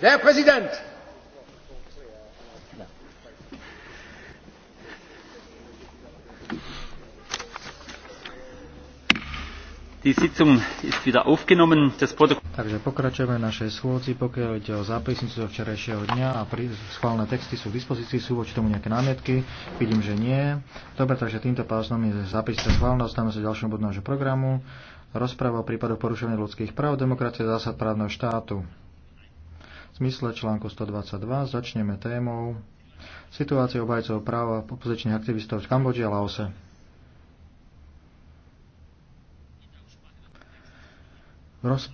Herr Präsident! Takže pokračujeme v našej schôdzi, pokiaľ ide o zápisnicu zo včerajšieho dňa a pri, schválne texty sú v dispozícii, sú voči tomu nejaké námietky, vidím, že nie. Dobre, takže týmto pásnom je zápisnica schválna, dostaneme sa ďalším bodu nášho programu. Rozpráva o prípadoch porušenia ľudských práv, demokracie a zásad právneho štátu. V zmysle článku 122 začneme témou situácie obajcov práva opozičných aktivistov v Kambodži a Laose. rozpr-